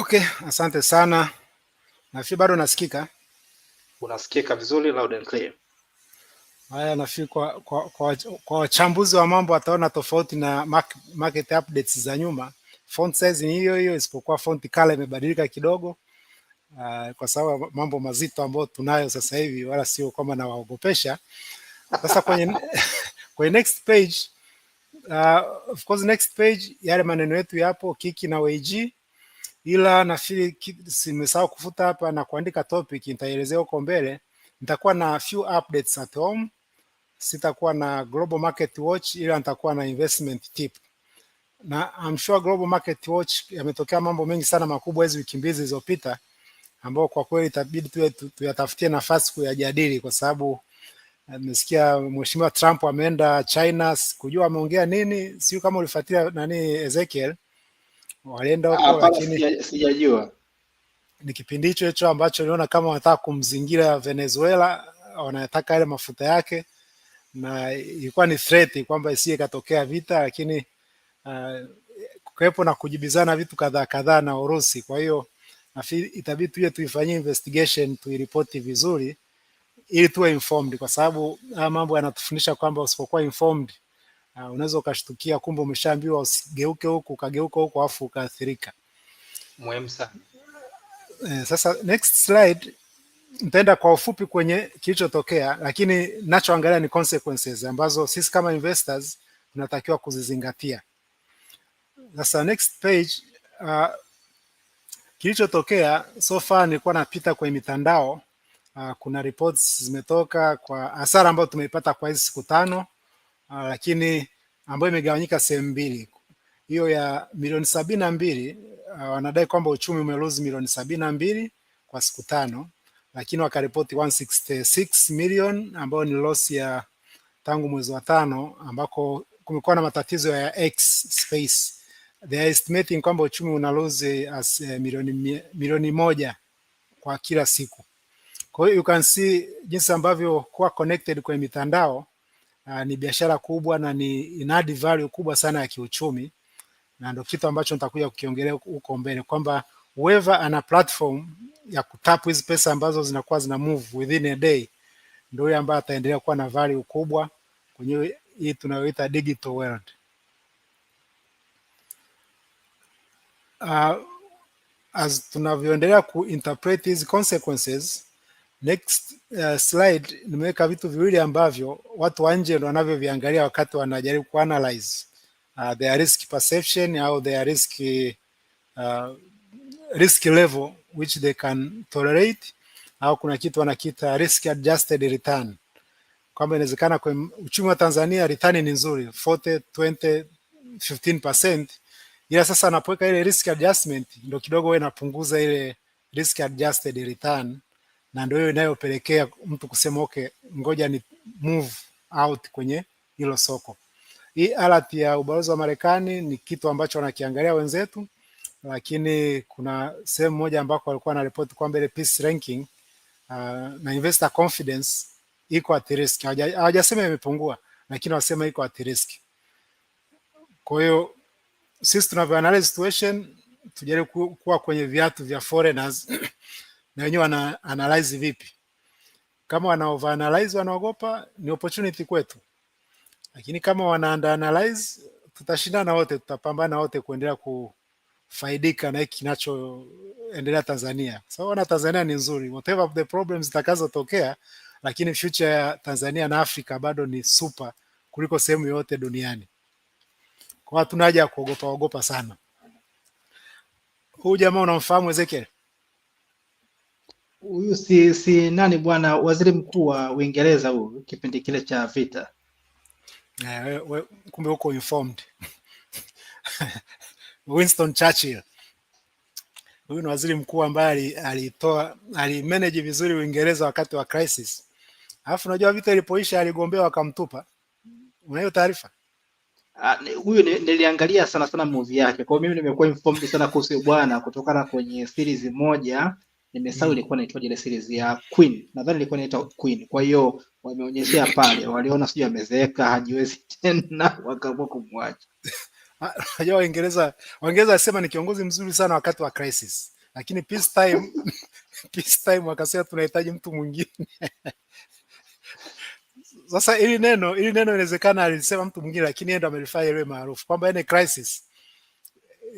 Okay, asante sana. Nafikiri bado nasikika. Unasikika vizuri loud and clear. Haya, nafikiri kwa, kwa, kwa, kwa wachambuzi wa mambo wataona tofauti na market updates za nyuma. Font size ni hiyo hiyo isipokuwa font color imebadilika kidogo. Uh, kwa sababu mambo mazito ambayo tunayo sasa hivi wala sio kama nawaogopesha. Sasa kwenye kwenye next page, uh, of course next page yale maneno yetu yapo Kiki na WG ila nafikiri simesahau kufuta hapa na kuandika topic, nitaelezea huko mbele. Nitakuwa na few updates at home, sitakuwa na global market watch, ila nitakuwa na investment tip na I'm sure global market watch yametokea mambo mengi sana makubwa hizi wiki mbili zilizopita, ambao kwa kweli itabidi tuwe tuyatafutie nafasi kuyajadili, kwa sababu eh, nimesikia mheshimiwa Trump ameenda China, kujua ameongea nini. Sio kama ulifuatilia nani Ezekiel walienda huko, lakini sijajua. Ni kipindi hicho hicho ambacho niliona kama wanataka kumzingira Venezuela, wanataka yale mafuta yake, na ilikuwa ni threat kwamba isije katokea vita, lakini uh, kuwepo na kujibizana vitu kadhaa kadhaa na Urusi. Kwa hiyo nafikiri itabidi tuje tuifanyie investigation, tuiripoti vizuri ili tuwe informed, kwa sababu haya mambo yanatufundisha kwamba usipokuwa informed Uh, unaweza ukashtukia kumbe umeshaambiwa usigeuke huku ukageuka huku afu ukaathirika. Muhimu sana. Uh, sasa next slide nitaenda kwa ufupi kwenye kilichotokea, lakini ninachoangalia ni consequences ambazo sisi kama investors tunatakiwa kuzizingatia. Sasa next page uh, kilichotokea so far, nilikuwa napita kwenye mitandao uh, kuna reports zimetoka kwa hasara ambayo tumeipata kwa hizi siku tano Ah, lakini ambayo imegawanyika sehemu mbili. Hiyo ya milioni sabini na mbili ah, wanadai kwamba uchumi umelozi milioni sabini na mbili kwa siku tano, lakini wakaripoti 166 million ambayo ni loss ya tangu mwezi wa tano ambako kumekuwa na matatizo ya X space. They are estimating kwamba uchumi una lose as uh, milioni, milioni moja kwa kila siku. Kwa hiyo you can see jinsi ambavyo kuwa connected kwenye mitandao uh, ni biashara kubwa na ni ina add value kubwa sana ya kiuchumi, na ndio kitu ambacho nitakuja kukiongelea huko mbele kwamba whoever ana platform ya kutap hizi pesa ambazo zinakuwa zina move within a day ndio huyo ambaye ataendelea kuwa na value kubwa kwenye hii tunayoita digital world. Uh, as tunavyoendelea interpret hizi consequences Next uh, slide nimeweka vitu viwili ambavyo watu wa nje wanavyoviangalia wakati wanajaribu ku analyze uh, their risk perception au their risk, uh, risk level which they can tolerate au kuna kitu wanakiita risk adjusted return, kwamba inawezekana kwa uchumi wa Tanzania return ni nzuri 40 20 15%, ila sasa anapoweka ile risk adjustment ndio kidogo wewe inapunguza ile risk adjusted return na ndio hiyo inayopelekea mtu kusema okay, ngoja ni move out kwenye hilo soko. Hii alati ya ubalozi wa Marekani ni kitu ambacho wanakiangalia wenzetu, lakini kuna sehemu moja ambako walikuwa na report kwamba ile peace ranking uh, na investor confidence iko at risk. Hawajasema imepungua, lakini wasema iko at risk. Kwa hiyo sisi tunavyoanalyze situation, tujaribu kuwa kwenye viatu vya foreigners na wenyewe wana analyze vipi. Kama wana over analyze wanaogopa, ni opportunity kwetu, lakini kama wana under analyze, tutashindana wote, tutapambana wote kuendelea kufaidika na hiki kinachoendelea Tanzania, So, wana Tanzania ni nzuri, whatever of the problems zitakazotokea, lakini future ya Tanzania na Afrika bado ni super kuliko sehemu yoyote duniani. Kwa hatuna haja ya kuogopa ogopa sana. Huu jamaa unamfahamu Ezekiel? huyu si, si nani bwana waziri mkuu wa Uingereza huyu kipindi kile cha vita. Uh, we, kumbe huko informed Winston Churchill huyu ni waziri mkuu ambaye alitoa alimanage vizuri Uingereza wakati wa crisis, alafu unajua vita ilipoisha aligombea wakamtupa. Unayo taarifa ah, huyu? Uh, niliangalia sana sana movie yake, kwa mimi nimekuwa informed sana kuhusu bwana kutokana kwenye series moja Nimesahau mm. ilikuwa inaitwaje ile series ya Queen. Nadhani ilikuwa inaitwa Queen. Kwa hiyo wameonyeshea pale, waliona sijui amezeeka, hajiwezi tena, wakaamua kumwacha. Hayo ah, Waingereza, Waingereza wasema ni kiongozi mzuri sana wakati wa crisis. Lakini peace time, peace time wakasema tunahitaji mtu mwingine. Sasa ili neno ili neno inawezekana alisema mtu mwingine, lakini yeye ndo amelifanya ile maarufu kwamba yeye crisis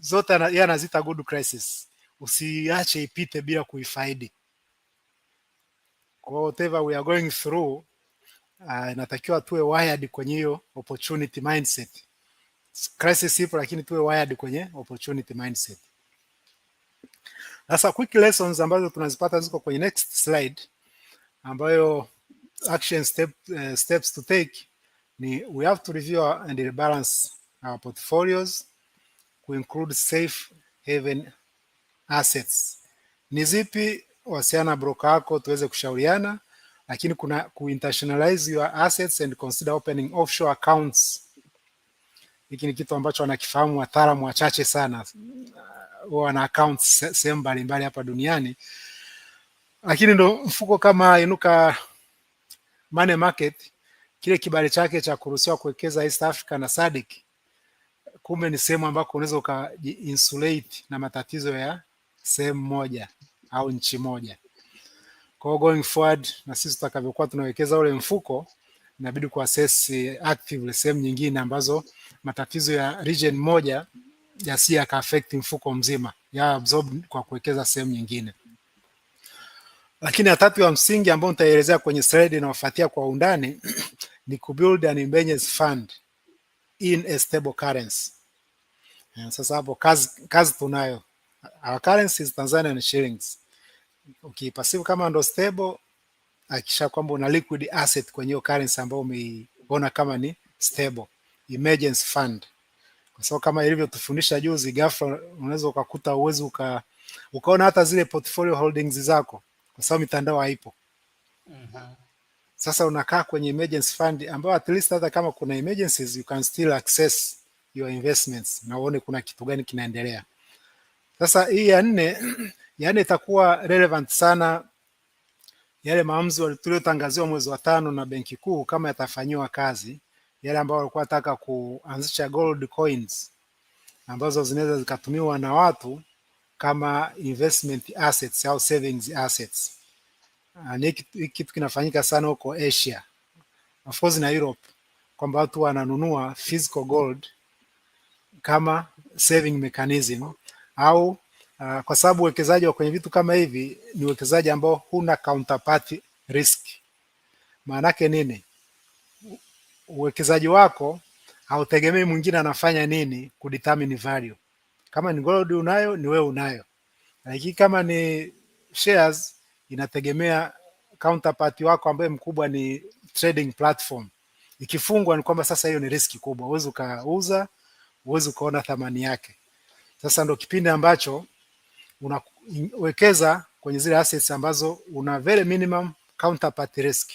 zote yeye anazita good crisis usiache ipite bila kuifaidi. Kwa whatever we are going through uh, inatakiwa tuwe wired kwenye hiyo opportunity mindset. Crisis ipo lakini tuwe wired kwenye opportunity mindset. Sasa quick lessons ambazo tunazipata ziko kwenye next slide, ambayo action step, uh, steps to take ni we have to review and rebalance our portfolios ku include safe haven assets ni zipi, wasiana broker wako tuweze kushauriana, lakini kuna ku internationalize your assets and consider opening offshore accounts. Hiki ni kitu ambacho wanakifahamu wataalamu wachache sana, uh, wana accounts sehemu mbalimbali hapa duniani, lakini ndo mfuko kama inuka money market kile kibali chake cha kuruhusiwa kuwekeza East Africa na SADC, kumbe ni sehemu ambako unaweza uka insulate na matatizo ya sehemu moja au nchi moja. Kwa going forward, na sisi tutakavyokuwa tunawekeza ule mfuko inabidi kuassess actively sehemu nyingine ambazo matatizo ya region moja yasi yakaafekti mfuko mzima, ya absorb kwa kuwekeza sehemu nyingine. Lakini ya tatu ya msingi ambayo nitaelezea kwenye slide inayofuatia kwa undani ni build an emergency fund in a stable currency. Eh, sasa hapo kazi, kazi tunayo Our currency is Tanzanian shillings. Ukiipasivu kama ndo stable, akisha kwamba una liquid asset kwenye hiyo currency ambayo umeiona kama ni stable. Emergency fund. Kwa sababu kama ilivyotufundisha juzi, ghafla unaweza ukakuta uwezo uka ukaona hata zile portfolio holdings zako kwa sababu mitandao haipo. mm Sasa unakaa kwenye emergency fund ambayo at least hata kama kuna emergencies you can still access your investments na uone kuna kitu gani kinaendelea. Sasa hii ya nne ya nne itakuwa relevant sana yale maamuzi tuliotangaziwa mwezi wa tano na Benki Kuu kama yatafanyiwa kazi, yale ambayo walikuwa wanataka kuanzisha gold coins ambazo zinaweza zikatumiwa na watu kama investment assets au savings assets. Ah, hiki kitu kinafanyika sana huko Asia, of course na Europe, kwamba watu wananunua physical gold kama saving mechanism au uh, kwa sababu uwekezaji wa kwenye vitu kama hivi ni uwekezaji ambao huna counterpart risk. Maanake nini? Uwekezaji wako hautegemei mwingine anafanya nini kudetermine value. Kama ni gold unayo, ni wewe unayo, lakini kama ni shares inategemea counterpart wako ambaye mkubwa ni trading platform. Ikifungwa ni kwamba sasa hiyo ni riski kubwa, huwezi ukauza, huwezi ukaona thamani yake. Sasa ndo kipindi ambacho unawekeza kwenye zile assets ambazo una very minimum counterparty risk.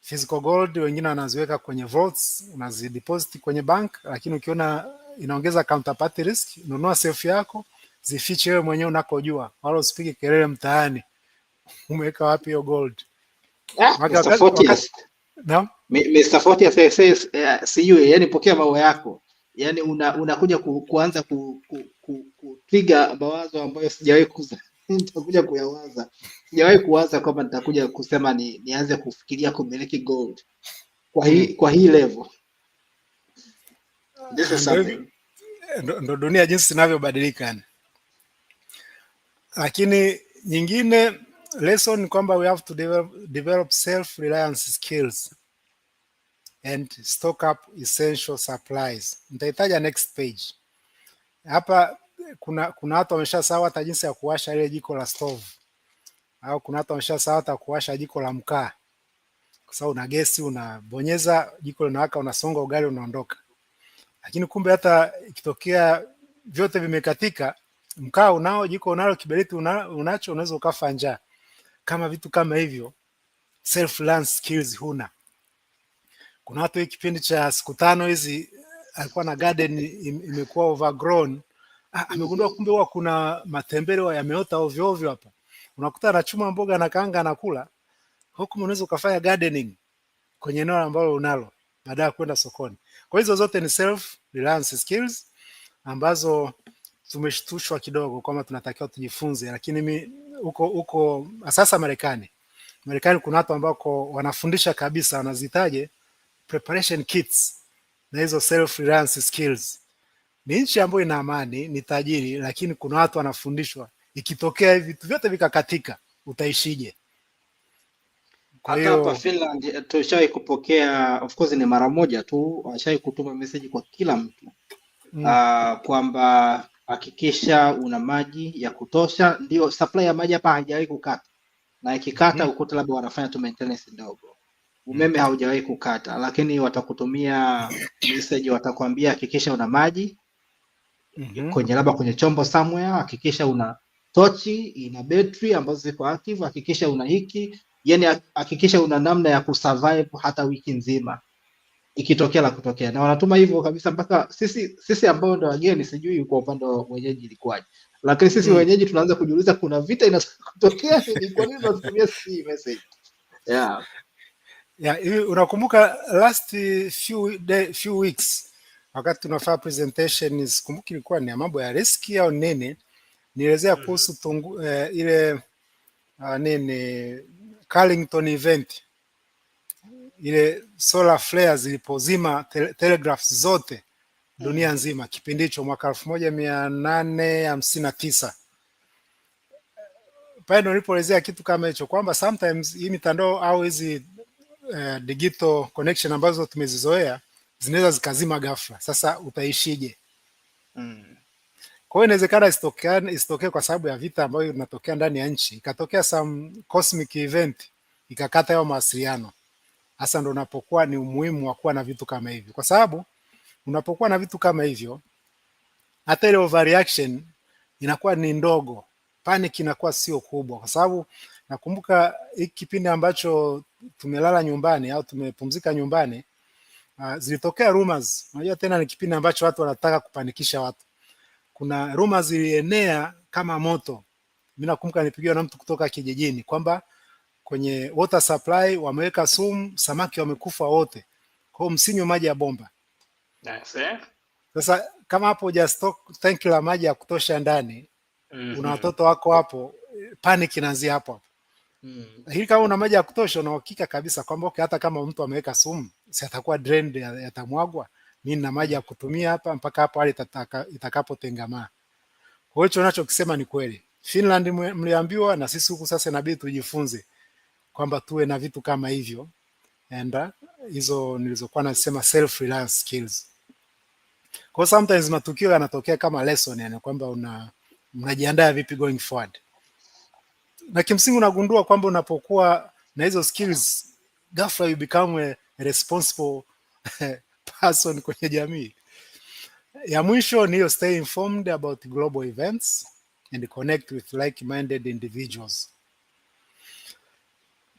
Physical gold wengine wanaziweka kwenye vaults, unazideposit kwenye bank, lakini ukiona inaongeza counterparty risk, nunua safe yako, zifiche wewe mwenyewe unakojua, wala usipige kelele mtaani umeweka wapi hiyo gold. Ah, Mr. Fortius says, see you, yani pokea maua yako yani unakuja una kuanza ku, ku, ku, kutriga mawazo ambayo sijawahi kuza nitakuja kuyawaza, sijawahi kuwaza kwamba nitakuja kusema ni, nianze kufikiria kumiliki gold kwa hii, kwa hii level. This is something ndo dunia jinsi zinavyobadilika, lakini nyingine lesson kwamba we have to develop, develop self reliance skills and stock up essential supplies. Nitahitaja next page. Hapa kuna kuna watu wamesha sawa hata jinsi ya kuwasha ile jiko la stove, au kuna watu wamesha sawa hata kuwasha jiko la mkaa, kwa sababu una gesi, unabonyeza jiko linawaka, unasonga ugali, unaondoka. Lakini kumbe hata ikitokea vyote vimekatika, mkaa unao, jiko unalo, kiberiti una, unacho, unaweza ukafa njaa. Kama vitu kama hivyo self learn skills huna kuna watu hii kipindi cha siku tano hizi eh, alikuwa na garden imekuwa overgrown, ah, amegundua kumbe huwa kuna matembele wa yameota ovyo ovyo hapa. Unakuta anachuma mboga na kaanga anakula huku, unaweza ukafanya gardening kwenye eneo ambalo unalo baada ya kwenda sokoni. Kwa hizo zote ni self reliance skills ambazo tumeshtushwa kidogo kwamba tunatakiwa tujifunze, lakini mi huko huko sasa Marekani Marekani kuna watu ambao wanafundisha kabisa, wanazitaje preparation kits na hizo self reliance skills. Ni nchi ambayo ina amani, ni tajiri, lakini kuna watu wanafundishwa, ikitokea vitu vyote vikakatika, utaishije? Kwa hiyo hapa Finland eh, tushawai kupokea, of course ni mara moja tu, washawai kutuma meseji kwa kila mtu mm. uh, kwamba hakikisha una maji ya kutosha. Ndio supply ya maji hapa haijawahi kukata, na ikikata mm. ukuta labda wanafanya tu maintenance ndogo umeme haujawahi kukata, lakini watakutumia message, watakwambia hakikisha una maji mm -hmm. kwenye labda kwenye chombo somewhere, hakikisha una tochi ina betri ambazo ziko active, hakikisha una hiki, yani hakikisha una namna ya kusurvive hata wiki nzima ikitokea la kutokea, na wanatuma hivyo kabisa mpaka sisi sisi ambao ndo wageni, sijui kwa upande wa wenyeji ilikuwaje, lakini sisi mm. wenyeji tunaanza kujiuliza kuna vita inataka kutokea, ni kwa nini tunatumia si message yeah. Yeah, unakumbuka last few day, few weeks wakati tunafanya presentation, sikumbuki ilikuwa ni mambo ya riski au nini, nielezea mm-hmm. kuhusu tungu, eh, ile uh, nini Carlington event ile solar flares zilipozima tele, telegraphs zote dunia mm-hmm. nzima kipindi hicho mwaka elfu moja mia nane hamsini na tisa pale nilipoelezea kitu kama hicho kwamba sometimes hii mitandao au hizi Eh, digital connection ambazo tumezizoea zinaweza zikazima ghafla. Sasa utaishije? mm. Kwa hiyo inawezekana isitokee kwa sababu ya vita ambayo inatokea ndani ya nchi, ikatokea some cosmic event ikakata hayo mawasiliano. Hasa ndo unapokuwa ni umuhimu wa kuwa na vitu kama hivyo, kwa sababu unapokuwa na vitu kama hivyo, hata ile overreaction inakuwa ni ndogo, panic inakuwa sio kubwa, kwa sababu nakumbuka hiki kipindi ambacho tumelala nyumbani au tumepumzika nyumbani, uh, zilitokea rumors. Unajua tena ni kipindi ambacho watu wanataka kupanikisha watu. Kuna rumors zilienea kama moto. Mimi nakumbuka nilipigiwa na mtu kutoka kijijini kwamba kwenye water supply wameweka sumu, samaki wamekufa wote. Kwa hiyo msinywe maji ya bomba. That's it. Sasa kama hapo hujastock tanki la maji ya kutosha ndani, mm -hmm. Una mhm. watoto wako hapo, panic inaanzia hapo hapo. Mm. Lakini kama una maji ya kutosha una uhakika kabisa kwamba okay, hata kama mtu ameweka sumu si atakuwa drained, yatamwagwa. Mimi nina maji ya kutumia hapa mpaka hapo hali itakapotengamaa. Kwa hiyo unachokisema ni kweli. Finland mliambiwa na sisi huku sasa inabidi tujifunze kwamba tuwe na vitu kama hivyo. And uh, hizo nilizokuwa nasema self reliance skills. Kwa sometimes matukio yanatokea kama lesson yani kwamba una mnajiandaa vipi going forward na kimsingi unagundua kwamba unapokuwa na hizo skills ghafla you become a responsible person kwenye jamii. Ya mwisho ni hiyo, stay informed about global events and connect with like-minded individuals.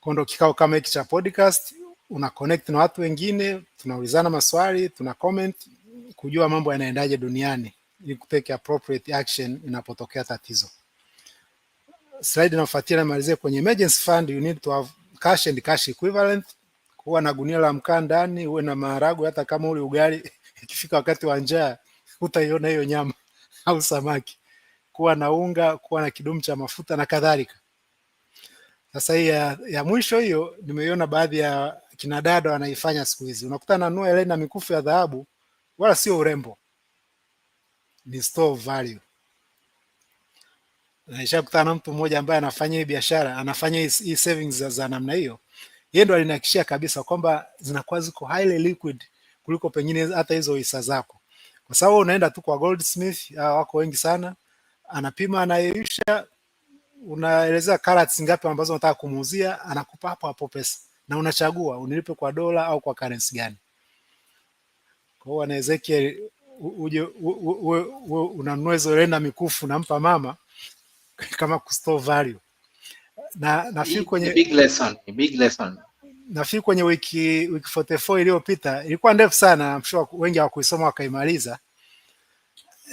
Kondo kikao kama hiki cha podcast una connect na watu wengine, tunaulizana maswali, tuna comment kujua mambo yanaendaje duniani ili kutake appropriate action inapotokea tatizo slide inafuatia namalizia kwenye emergency fund you need to have cash and cash equivalent, kuwa na gunia la mkaa ndani, uwe na maharagu hata kama uli ugali ikifika wakati wa njaa utaiona hiyo nyama au samaki, kuwa na unga, kuwa na kidumu cha mafuta na kadhalika. Sasa hii ya, ya mwisho hiyo nimeiona baadhi ya kina dada wanaifanya siku hizi, unakuta nanua ile na mikufu ya dhahabu, wala sio urembo, ni store value nishakutana na mtu mmoja ambaye anafanya hii biashara, anafanya hii savings za, za namna hiyo, yeye ndo alinihakikishia kabisa kwamba zinakuwa ziko highly liquid kuliko pengine hata hizo hisa zako, kwa sababu unaenda tu kwa Goldsmith, wako wengi sana, anapima, anayeisha, unaelezea carats ngapi ambazo unataka kumuuzia, anakupa hapo hapo pesa na unachagua unilipe kwa dola au kwa currency gani. Kwa hiyo na Ezekiel, uje unanunua hizo renda mikufu nampa mama kama kustore value na nafikiri kwenye big lesson, big lesson. Nafikiri kwenye wiki wiki 44 iliyopita ilikuwa ndefu sana, I'm sure wengi hawakuisoma wakaimaliza.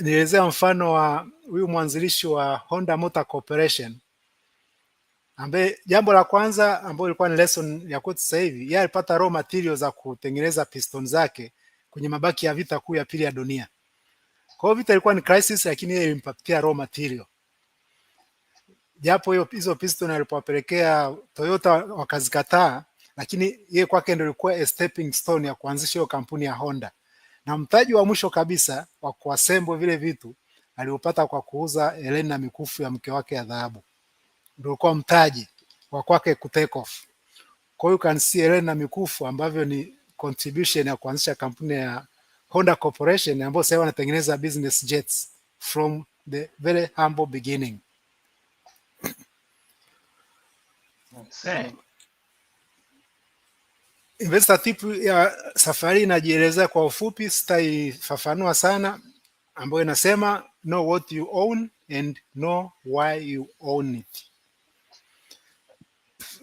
Nielezea mfano wa huyu mwanzilishi wa Honda Motor Corporation ambaye jambo la kwanza ambayo ilikuwa ni lesson ya kwetu sasa hivi, yeye alipata raw materials za kutengeneza piston zake kwenye mabaki ya vita kuu ya pili ya dunia. Kwa hiyo vita ilikuwa ni crisis, lakini yeye ilimpatia raw material japo hiyo hizo piston alipowapelekea Toyota wakazikataa, lakini yeye kwake ndio ilikuwa a stepping stone ya kuanzisha hiyo kampuni ya Honda, na mtaji wa mwisho kabisa wa kuasembo vile vitu aliopata kwa kuuza Helena na mikufu ya mke wake ya dhahabu, ndio ulikuwa mtaji wa kwake ku take off. Kwa you can see Helena na mikufu ambavyo ni contribution ya kuanzisha kampuni ya Honda Corporation ambayo sasa wanatengeneza business jets from the very humble beginning. Okay. Investor tip ya safari inajielezea kwa ufupi, sitaifafanua sana, ambayo inasema know what you own and know why you own it.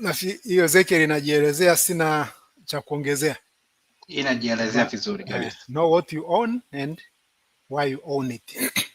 Na hiyo Ezekiel inajielezea, sina cha kuongezea, inajielezea vizuri kabisa. Know what you own and why you own it